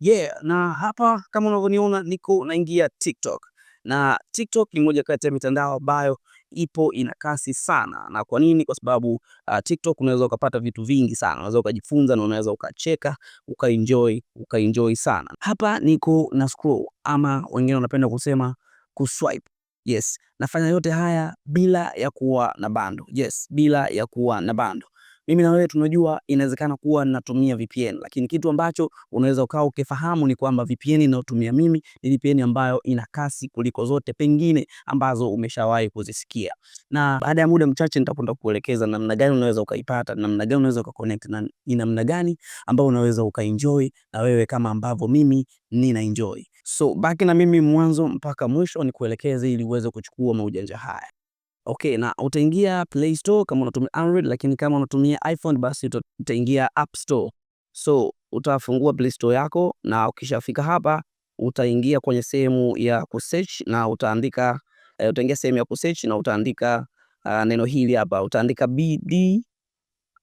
Yeah, na hapa kama unavyoniona niko naingia TikTok na TikTok ni moja kati ya mitandao ambayo ipo ina kasi sana. Na kwa nini? Kwa sababu uh, TikTok unaweza ukapata vitu vingi sana, unaweza ukajifunza na unaweza ukacheka ukaenjoy ukaenjoy sana. Hapa niko na scroll ama wengine wanapenda kusema kuswipe. Yes, nafanya yote haya bila ya kuwa na bando. Yes, bila ya kuwa na bando. Mimi na wewe tunajua inawezekana kuwa natumia VPN, lakini kitu ambacho unaweza ukawa ukifahamu ni kwamba VPN inayotumia mimi ni VPN ambayo ina kasi kuliko zote pengine ambazo umeshawahi kuzisikia, na baada ya muda mchache nitakwenda kuelekeza namna gani unaweza ukaipata, namna gani unaweza ukaconnect, na ni namna gani ambayo unaweza ukaenjoy na wewe kama ambavyo mimi nina enjoy. So baki na mimi mwanzo mpaka mwisho nikuelekeze ili uweze kuchukua maujanja haya. Okay, na utaingia Play Store kama unatumia Android, lakini kama unatumia iPhone basi utaingia App Store. So utafungua Play Store yako na ukishafika hapa utaingia kwenye sehemu ya kusearch na utaandika uh, utaingia sehemu ya kusearch na utaandika uh, neno hili hapa utaandika BD,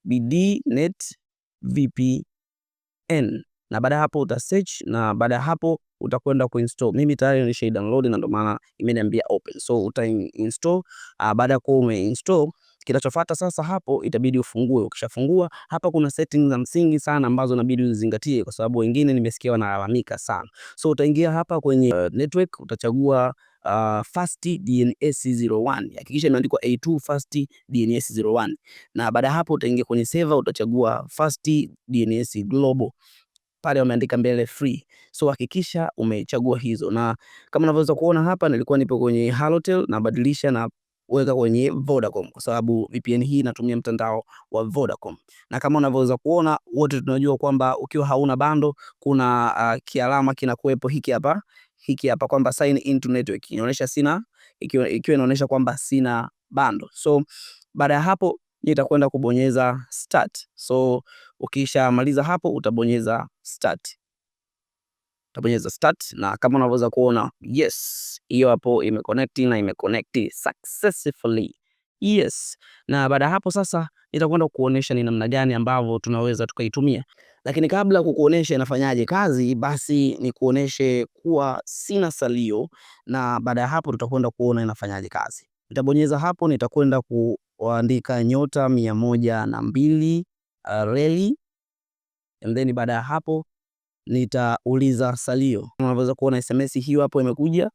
BD net VPN na baada ya hapo uta search na baada ya hapo utakwenda kuinstall. Mimi tayari nilisha download na ndo maana imeniambia open, so uta install. Ah, baada ya kuwa umeinstall kinachofuata sasa hapo itabidi ufungue. Ukishafungua hapa, kuna settings za msingi sana ambazo inabidi uzingatie, kwa sababu wengine nimesikia wanalalamika sana. So utaingia hapa kwenye uh, network utachagua uh, fast DNS01, hakikisha imeandikwa A2 fast DNS01, na baada hapo utaingia kwenye server utachagua fast DNS global pale wameandika mbele free. So hakikisha umechagua hizo, na kama unavyoweza kuona hapa nilikuwa nipo kwenye Halotel na badilisha na weka kwenye Vodacom kwa sababu VPN hii inatumia mtandao wa Vodacom. Na kama unavyoweza kuona wote tunajua kwamba ukiwa hauna bando kuna uh, kialama kinakuwepo hiki hapa hiki hapa kwamba sign into network inaonyesha sina, ikiwa inaonyesha kwamba sina bando. So baada ya hapo itakwenda kubonyeza start. So ukishamaliza hapo utabonyeza start. Utabonyeza start na kama unavyoweza kuona yes, hiyo hapo imeconnect na imeconnect successfully. Yes. Na baada hapo sasa nitakwenda kukuonesha ni namna gani ambavyo tunaweza tukaitumia, lakini kabla kukuonesha inafanyaje kazi, basi ni kuoneshe kuwa sina salio, na baada ya hapo tutakwenda kuona inafanyaje kazi. Nitabonyeza hapo, nitakwenda ku waandika nyota mia moja na mbili uh, reli and then baada ya hapo nitauliza salio. Unaweza kuona SMS hiyo hapo imekuja,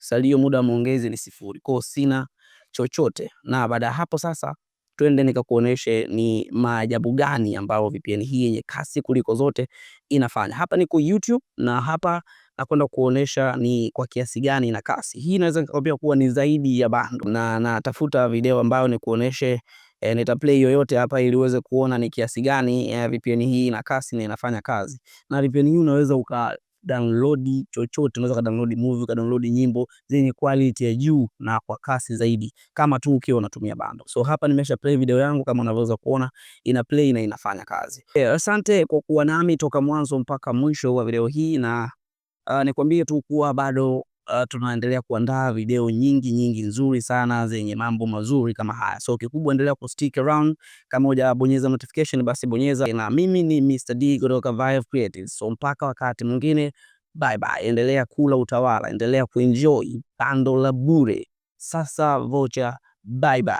salio muda wa maongezi ni sifuri, kwa sina chochote. Na baada ya hapo sasa, twende nikakuoneshe ni maajabu gani ambayo VPN hii yenye kasi kuliko zote inafanya. Hapa niko YouTube na hapa na kwenda kuonesha ni kwa kiasi gani na kasi hii, naweza nikakwambia kuwa ni zaidi ya bando, na natafuta video ambayo ni kuoneshe E, eh, nita play yoyote hapa ili uweze kuona ni kiasi gani e, eh, VPN hii na kasi ni inafanya kazi. Na VPN hii unaweza uka download chochote, unaweza ukadownload movie, ukadownload nyimbo zenye quality ya juu na kwa kasi zaidi, kama tu ukiwa unatumia bando. So hapa nimesha play video yangu kama unavyoweza kuona ina play na inafanya kazi. E, asante kwa kuwa nami toka mwanzo mpaka mwisho wa video hii na Uh, nikwambie tu kuwa bado uh, tunaendelea kuandaa video nyingi nyingi nzuri sana zenye mambo mazuri kama haya. So kikubwa endelea ku stick around, kama hujabonyeza notification basi bonyeza, na mimi ni Mr. D kutoka Vive Creative. So mpaka wakati mwingine, bye bye. Endelea kula utawala, endelea kuenjoy pando la bure. Sasa vocha, bye bye.